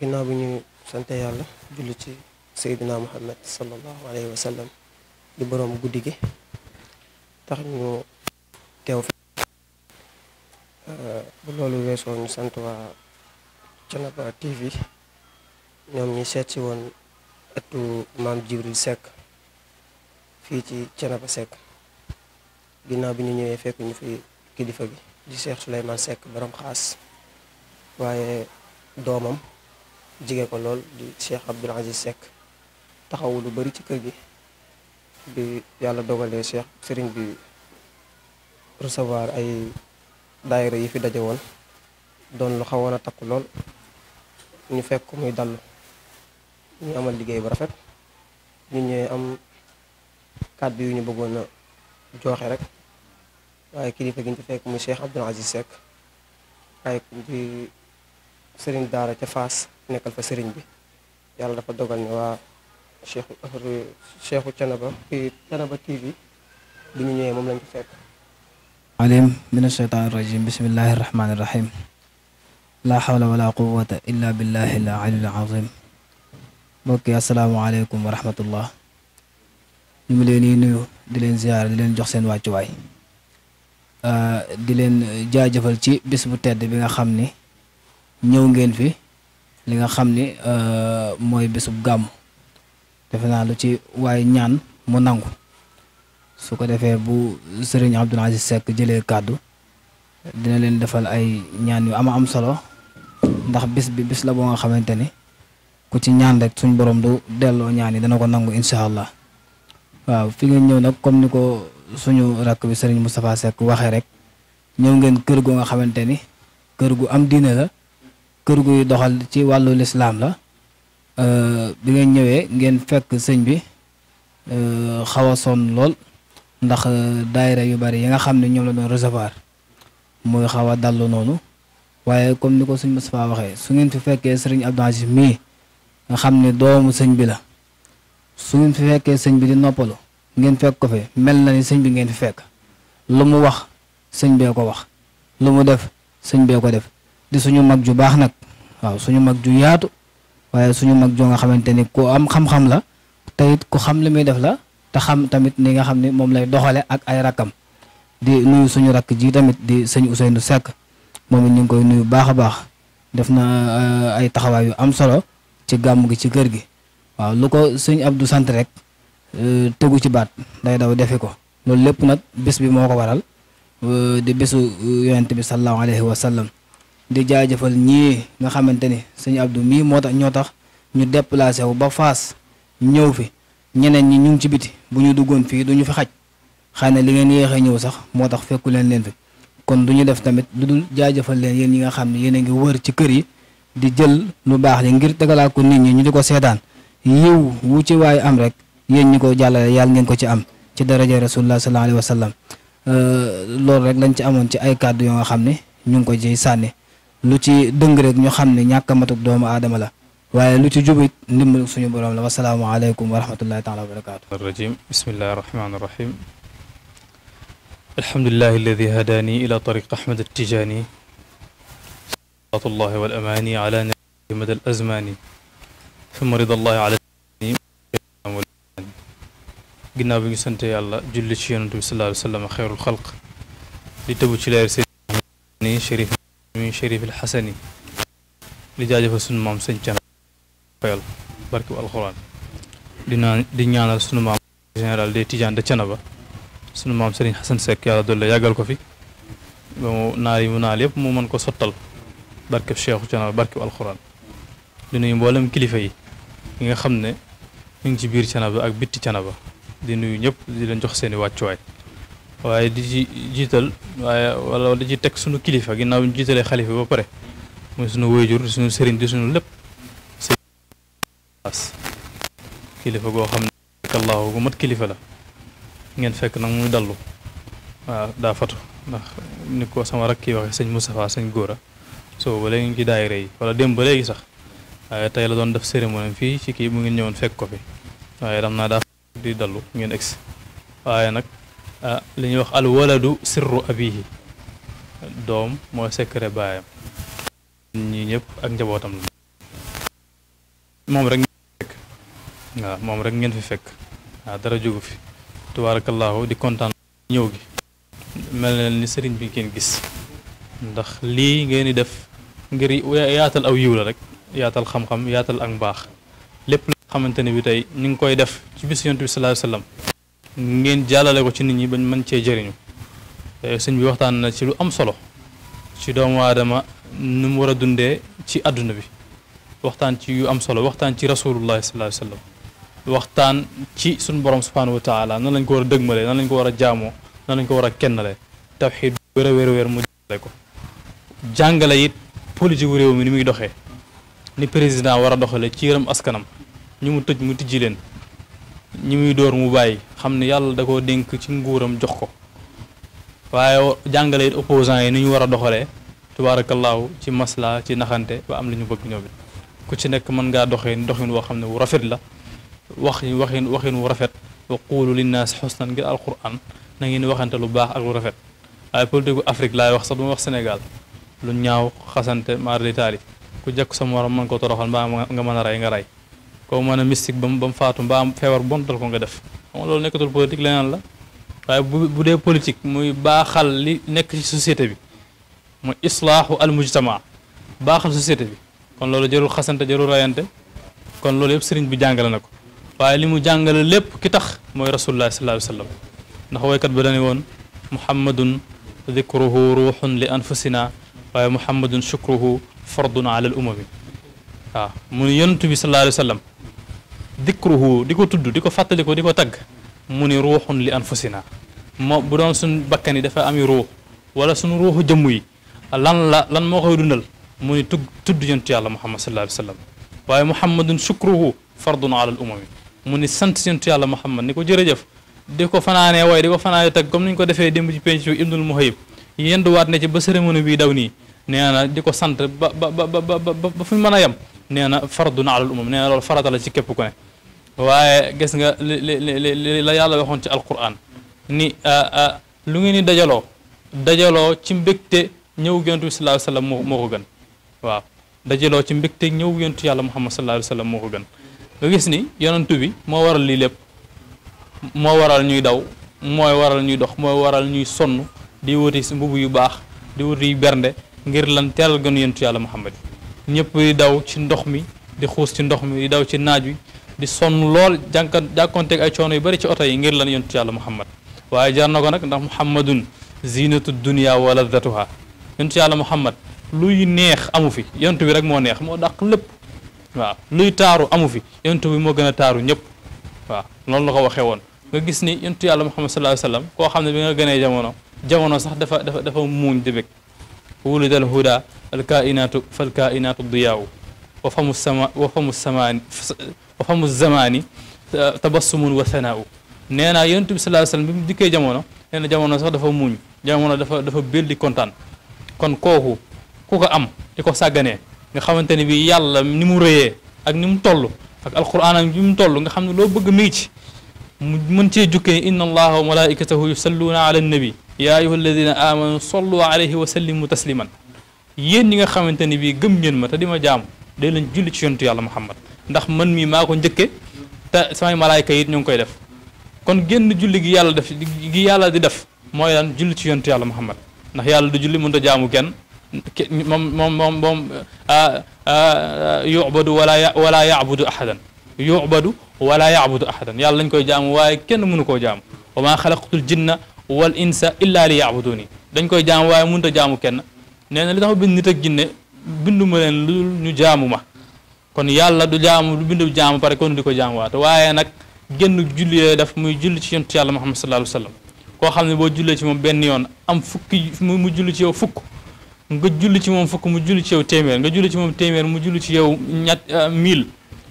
ginnaaw bi ñu sante yàlla julli ci seydina muhammad sallallahu alayhi wa sallam di boroom guddi gi tax ñu teew fi loolu weesoo ñu sant waa Thiénaba TV ñoom ñi seet si woon ëttu maam Jibril sekk fii ci Thiénaba sekk ginnaaw bi ñu ñëwee fekk ñu fi kilifa gi di Cheikh Souleymane sekk borom xaas waaye doomam jige ko lool di Cheikh Abdoul Aziz Seck taxawu lu bari ci kër gi bi yàlla dogalee Cheikh sëriñ bi recevoir ay dayre yi fi daje woon doon lu xawoon a takk lool ñu fekk muy dallu ñu amal liggéey bu rafet ñu ñëwee am kàddu yu ñu bëggoon a jooxe rek waaye kilifa gi ñu ci fekk muy Cheikh Abdoul Aziz Seck waaye di sëriñ daara ca Faas nekkal fa sëriñ bi yàlla dafa dogal ne waa cheikhu cheikhu canaba canaba tv bi ñu ñëwee moom lañ ko fekk alim min asheytaan irajim bismillahi irrahmani irrahim laa xawla wala quwata illa billahi l alil azim mbokki asalaamaaleykum wa rahmatullah ñu ngi leen di nuyu di leen ziyaar di leen jox seen wàccuwaay di leen jaajëfal ci bis bu tedd bi nga xam ni ñëw ngeen fi li nga xam ni euh, mooy bésub gàmm defe naa lu ci waaye ñaan mu nangu su ko defee bu sëriñ Abdoul Aziz Seck jëlee kàddu dina leen defal ay ñaan yu ama am solo ndax bis bi bis la boo nga xamante ni ku ci ñaan rek suñ borom du delloo ñaan yi dana ko nangu incha allah waaw fi ngeen ñëw nag comme ni ko suñu rakk bi sëriñ Moustapha Seck waxee rek ñëw ngeen kër goo nga xamante ni kër gu am diine la kër guy doxal ci wàllu lislaam la euh, bi ngeen ñëwee ngeen fekk sëñ bi euh, xaw a sonn lool ndax euh, daayira yu bari yi nga xam ne ñoom la doon recevoir mooy xaw a dallu noonu waaye comme ni ko sëñ Moustapha waxee su ngeen fi fekkee sëriñ Abdou Aziz nga xam ne doomu sëñ bi la su ngeen fi fekkee sëñ bi di noppalu ngeen fekk ko fi mel na ni sëñ bi ngeen fi fekk lu mu wax sëñ bee ko wax lu mu def sëñ bee ko def di suñu mag ju baax nag waaw suñu mag ju yaatu waaye suñu mag joo nga xamante ni ku am xam-xam la te it ku xam la muy def la te xam tamit ni nga xam ni moom lay doxale ak ay rakkam di nuyu suñu rakk ji tamit di sëñ Ousseynou Seck moom it ñu ngi koy nuyu baax a baax def na euh, ay taxawaay yu am solo ci gàmm gi ci kër gi waaw lu ko sëñ du sant rek euh, tegu ci baat day daw defi ko loolu lépp nag bés bi moo ko waral euh, di bésu yonent bi sallallahu alayhi wa di jaajëfal ñii nga xamante ni sëñ Abdou mii moo tax ñoo tax ñu déplacé wu ba Faas ñëw fi ñeneen ñi ñu ngi ci biti bu ñu duggoon fii du ñu fi xaj xëy na li ngeen yéex a ñëw sax moo tax fekku leen leen fi kon du ñu def tamit lu dul jaajëfal leen yéen ñi nga xam ne yéen a ngi wër ci kër yi di jël lu baax li ngir tegalaa ko nit ñi ñu di ko seetaan yiw wu ci waaye am rek yéen ñi ko jàllale yàlla ngeen ko ci am ci daraja rasulullah sallallahu alayhi wa sallam euh, loolu rek lañ ci amoon ci ay kàddu yoo xam ne ñu ngi ko ciy sànni lu ci dëng rek ñu xam ne ñàkk a matug doomu aadama la waaye lu ci jubit ndimbal suñu borom la wasalaamualeykum wa rahmatullahi taala wa barakaatu rajim bismillahi rahmaani rahim alhamdulilahi alladi hadaani ila tariq ahmad attijaani salatullahi bi ngi sant yàlla julli ci yonent bi sallallahu ci leer ñuy Chérif El Hassani li jaajëfal sunu maam sëñ Cana fayal barki alxuraan di naan di ñaanal sunu maam général des Tidianes de Thiénaba sunu maam Serigne Xasan Seck yàlla doole yàggal ko fi ba mu naal yi mu naal yëpp mu mën ko sottal barkeb Cheikhu Thiénaba barkeb alxuraan di nuyu mboolem kilifa yi yi nga xam ne ñu ngi ci biir Thiénaba ak bitti Thiénaba di nuyu ñëpp di leen jox seeni wàccuwaay waaye di ci jiital waaye wala di ci teg sunu kilifa ginnaaw bi ñu jiitalee xalifa ba pare muy suñu wéyjur di suñu sëriñ di suñu lépp kilifa goo xam ne kallaahu gu mat kilifa la ngeen fekk nag muy dallu waaw daa fatu ndax ni ko sama rakk ki waxee sëñ Moustapha sëñ Góora soo ba léegi ngi ci daayira yi wala dem ba léegi sax waaye tey la doon def cérémonie fii ci kii mu ngi ñëwoon fekk ko fi waaye dam naa daa di dallu ngeen egsi waaye nag Ah, li ñuy wax al waladu sirru abihi doom mooy secret baayam ñii ñëpp ak njabootam la moom rek waaw moom rek ngeen fi fekk waaw ah, dara jógu fi tubaarakallaahu di kontaan ñëw gi mel na ni sëriñ bi ngeen gis ndax lii ngeen di def ngir yaatal aw yiw la rek yaatal xam-xam yaatal ak mbaax lépp la xamante ne bi tey ñu ngi koy def ci bis yonent bi sallallahu alayhi ngeen jàllale ko ci nit ñi bañ mën cee jëriñu sëñ bi waxtaan na ci lu am solo ci doomu aadama nu mu war a dundee ci àdduna bi waxtaan ci yu am solo waxtaan ci rasulullahi sallallahu alayhi waxtaan ci suñ borom subhanahu wa taala nan lañ ko war a dëgmalee nan lañ ko war a jaamoo nan lañ ko war a kennalee tawxid wér a wér mu jàngale ko jàngale it politique réew mi ni muy doxee ni président war a doxale ci yëram askanam ñu mu tëj mu tijji leen ñi muy dóor mu bàyyi xam ne yàlla da koo dénk ci nguuram jox ko waaye jàngale it yi ni ñu war a doxalee tubaarakallaahu ci masla ci naxante ba am li ñu bëgg ñoom it ku ci nekk mën ngaa doxee doxin woo xam ne wu rafet la wax waxin waxin wu rafet wa quulu linnaas xusnan ngir alquran na ngeen waxante lu baax ak lu rafet waaye politique Afrique laay wax sax du wax Sénégal lu ñaaw xasante maar di taali ku jekk sa morom mën ko toroxal mbaa nga mën a rey nga koo mën a mystique ba mu ba mu faatu mbaa am feebar bon dal ko nga def xam loolu nekkatul politique leneen la waaye bu dee politique muy baaxal li nekk ci bi muy islaaxu al mujtama baaxal société bi kon loolu jarul xasante jarul rayante kon loolu yëpp sëriñ bi jàngale na ko waaye li mu jàngale lépp ki tax mooy rasulullah sallallahu alayhi wa sallam ndax woykat ba dane woon muhammadun dikruhu ruuxun li anfusina waaye muhammadun shukruhu fardun ala al umami mu yonent dikruhu di ko tudd di ko fàttali ko di ko tagg mu ni ruuxun li anfusina moo bu doon suñ bakkan yi dafa ami ruux wala suñu ruuxu jëmm yi lan la lan moo koy dundal mu ni tugg tudd yontu yàlla muhammad sallallahu alayhi wa sallam waaye muhammadun shukruhu fardun ala al umami mu ni sant yontu yàlla muhammad ni ko jërëjëf di ko fanaanee waaye di ko fanaanee tagg comme ni ñu ko defee démb ci penc ibnul muhayib yenduwaat ne ci ba cérémonie bii daw nii nee na di ko sant ba ba ba ba ba fu ñu mën a yem nee na fardun ala al umam nee na loolu farata la ci képp ku waaye gis nga li li li la yàlla waxoon ci alquran ni lu ngi ni dajaloo dajaloo ci mbégte ñëw yonent bi sallallahu alayhi wa sallam moo ko waaw dajaloo ci mbégte ñëw yonentu yàlla muhammad sallallahu alayhi wa sallam moo ko gën nga gis ni yonentu bi moo waral lii lépp moo waral ñuy daw mooy waral ñuy dox mooy waral ñuy sonn di wuti mbubb yu baax di wuti bernde ngir lan teral gën yonentu yàlla muhammad ñëpp di daw ci ndox mi di xuus ci ndox mi di daw ci naaj wi di sonn lool jànkat jàkkonteeg ay coono yu bari ci oto yi ngir lan yontu yàlla muhammad waaye jar na ko nag ndax muhammadun zinatu dunia wa ladatuha yontu yàlla muhammad luy neex amu fi yontu bi rek moo neex moo dàq lépp waaw luy taaru amu fi yontu bi moo gën a taaru ñëpp waaw loolu la ko waxee woon nga gis ni yontu yàlla muhammad sallallahu alayhi wasallam koo xam ne bi nga gënee jamono jamono sax dafa dafa dafa muuñ di bég wulida al huda al kainatu fal kainatu sama wa famu samaani wa famu zamani tabassumun wa sana'u nee naa yonent bi sallallahu alayhi bi mu dikkee jamono nee na jamono sax dafa muuñ jamono dafa dafa bel kontaan kon kooku ku ko am di ko sàgganee nga xamante ne bi yàlla ni mu rëyee ak ni mu toll ak alquran ak ni mu toll nga xam ne loo bëgg mi ngi ci mu mën cee jukkee inna allaha wa malaikatahu yusalluuna ala nabi yaa ayuha alladina amanu sallu alayhi wa sallimu tasliman yéen yi nga xamante ne bi gëm ngeen ma te di ma jaamu day leen julli ci yontu yàlla muhammad ndax man mi maa ko njëkke te samay malaayka yi ñu ngi koy def kon génn julli gi yàlla def gi yàlla di def mooy lan julli ci yontu yàlla Muhammad ndax yàlla du julli mënut a jaamu kenn moom moom moom moom yubadu wala wala yabudu ahadan yubadu yàlla lañ koy jaamu waaye kenn mënu koo jaamu wa maa xalaqtul wal insa illa li yabuduni dañ koy jaamu waaye mënut a jaamu kenn nee na li tax ak jinne bindu ma leen lu ñu jaamu ma kon yàlla du jaamu du bindu jaamu pare kon di ko jaamuwaat waaye nag génn julli daf muy julli ci yontu yàlla Muhammad sallallahu alayhi wasallam koo xam ne boo jullee ci moom benn yoon am fukki mu julli ci yow fukk nga julli ci moom fukk mu julli ci yow téeméer nga julli ci moom téeméer mu julli ci yow ñett euh, mille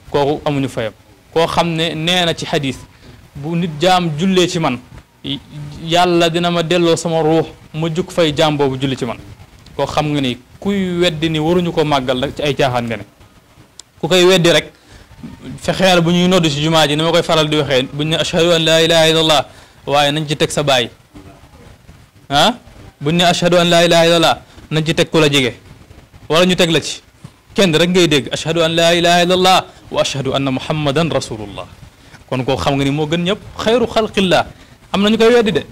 kooku amuñu fayam koo xam ne nee na ci xadis bu nit jaam jullee ci man yàlla dina ma delloo sama ma jug fay jaam boobu julli ci man koo xam nga ni kuy weddi ni waruñu ko màggal nag ci ay caaxaan nga ne ku koy weddi rek fexeel bu ñuy noddu ci jumaa ji ni ma koy faral di waxee bu ñu ne ashhadu an laa ilaha illallah waaye nañ ci teg sa baay ah bu ñu ne ashhadu an laa ilaha illallah nañ ci teg ku la jege wala ñu teg la ci kenn rek ngay dégg ashhadu an laa ilaha illallah wa ashhadu anna muhammadan rasulullah kon koo xam nga ni moo gën ñëpp xayru xalqillah am na ñu koy weddi de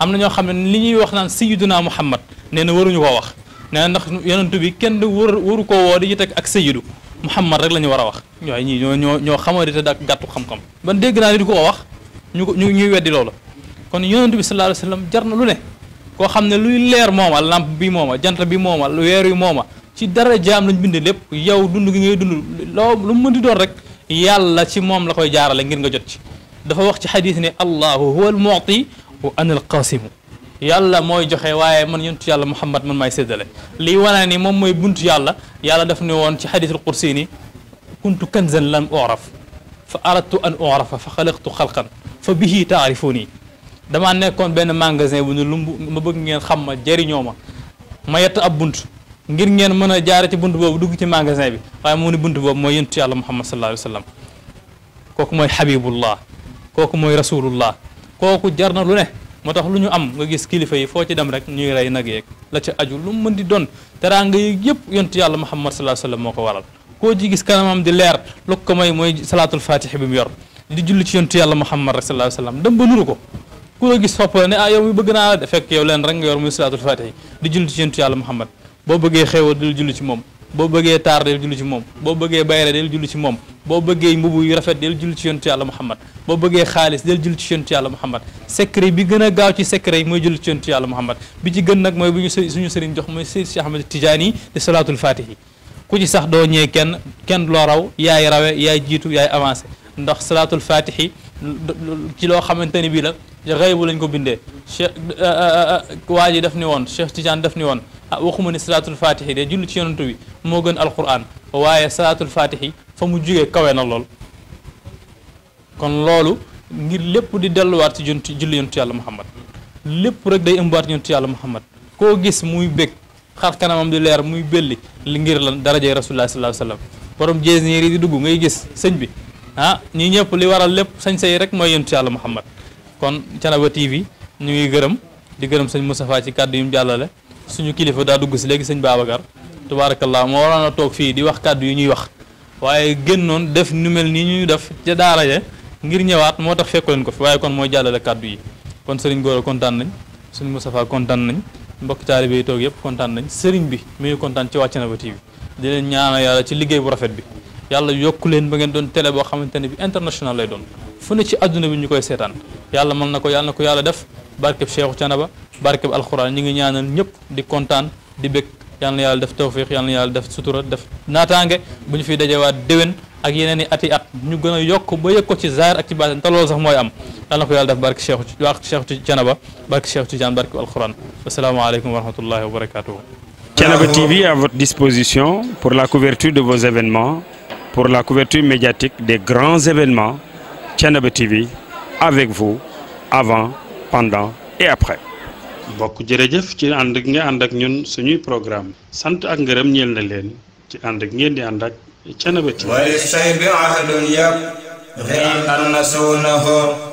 am na ñoo xam ne li ñuy wax naan sayiduna muhammad nee na waruñu koo wax nee na ndax yonentu bi kenn waru waru koo woo di teg ak sayidu Muhammad rek la ñu war a wax waaye ñii ñoo ñoo ñoo xamari te dak gàttu xam-xam ban dégg naa ni di ko wax ñu ñu ñuy weddi loola kon yonent bi sallallahu alayhi wasallam jar na lu ne koo xam ne luy leer a lamp bi mooma jant bi mooma weer yu mooma ci dara jaam lañ bindee lépp yow dund gi ngay dund loo lu mu mën di doon rek yàlla ci moom la koy jaarale ngir nga jot ci dafa wax ci xadis ne allahu huwa al mu'ti wa ana al yàlla mooy joxe waaye man yontu yàlla muhammad man maay séddale lii wane ni moom mooy bunt yàlla yàlla daf ne woon ci xadisul qursi ni kuntu kanzan lam uraf fa aradtu an urafa fa xalaqtu xalqan fa bihi taarifuni damaa nekkoon benn magasin bu ñu lumb ma bëgg ngeen xam ma jëriñoo ma ma ab bunt ngir ngeen mën a jaare ci bunt boobu dugg ci magasin bi waaye mu bunt boobu mooy yontu yàlla muhammad sallallahu alayhi wa sallam kooku mooy xabibullah kooku mooy rasulullah kooku jar na moo tax lu ñu am nga gis kilifa yi foo ci dem rek ñuy rey nag yeeg la ca aju lu mu mën di doon teraanga yeeg yëpp yontu yàlla Muhammad sallallahu alayhi wasallam moo ko waral koo ji gis kanamam di leer lu ko may mooy salaatul fatiha bi mu yor di julli ci yontu yàlla Muhammad rek sallallahu alayhi wasallam dem ba nuru ko ku la gis fopp ah, bëgg naa la fekk yow leen rek yor muy salaatul fatiha di julli ci yontu yàlla Muhammad boo bëggee xew a julli ci moom boo bëggee taar del julli ci moom boo bëggee bayre del julli ci moom boo bëggee mbubu yu rafet del julli ci yontu yàlla muhammad boo bëggee xaalis del julli ci yontu yàlla muhammad secret bi gën a gaaw ci secret yi mooy julli ci yontu yàlla muhammad bi ci gën nag mooy bu ñu suñu sëriñ jox mooy Cheikh Ahmed Tidiane de salaatul fatihi ku ci sax doo ñëwee kenn kenn loo raw yaay rawe yaay jiitu yaay avancé ndax salaatul fatihi ci loo xamante ni bii la xaybu lañ ko bindee cheikh eh, eh, eh, waa ji def ni woon cheikh Tidiane def ni woon ah waxuma ni salaatul fatihi de julli ci yonantu moo gën al alquran waaye salaatul fatihi fa mu jugee kawe na lool kon loolu ngir lépp di delluwaat ci junti julli yonantu yàlla muhammad lépp rek day ëmbaat yonantu yàlla muhammad koo gis muy bég xar kanamam di leer muy belli li ngir lan darajey rasulullah sallallahu alayhi wasallam borom jees niir yi di dugg ngay gis sëñ bi ah ñi ñëpp li waral lépp sañ say rek mooy yonantu yàlla kon Thiénaba TV ñu ngi gërëm di gërëm sëñ Moustapha ci kàddu yu mu jàllale suñu kilifa daa dugg si léegi sëñ baabagar tubaarakallaa moo waroon toog fii di wax kàddu yu ñuy wax waaye génnoon def nu mel nii ñuy def ca daara ya ngir ñëwaat moo tax fekk leen ko fi waaye kon mooy jàllale kàddu yi kon sëriñ Gora kontaan nañ suñ Moustapha kontaan nañ mbokk taalibe yi toog yëpp kontaan nañ sëriñ bi mi kontaan ci waa Thiénaba TV di leen ñaanal yàlla ci liggéey bu rafet bi yàlla yokku leen ba ngeen doon télé boo xamante ne bi lay doon fu ne ci adduna bi ñu koy seetaan yàlla mën na ko yàlla na ko yàlla def barkeb Cheikhu Canaba barkeb alxuraan ñu ngi ñaanal ñëpp di kontaan di bëgg yàlla yàlla def tawfiq yàlla na yàlla def sutura def naataange bu ñu fiy dajewaat déwén ak yeneen i ati at ñu gën a yokk ba yëg ko ci zaahir ak ci baatin te sax mooy am yàlla na ko yàlla def barke Cheikhu wax Cheikhu Canaba barke Cheikhu Tidiane barke alxuraan asalaamaaleykum wa rahmatullahi wa barakatuhu Thiénaba TV à votre disposition pour la couverture de vos événements, pour la couverture médiatique des grands événements Thiénaba TV avec vous avant pendant et après. mbokk jërëjëf ci ànd ak nga ànd ak ñun suñuy programme sant ak ngërëm ñeel na leen ci ànd ak ngeen di ànd ak Thiénaba TV. wali say bi ahadun yab.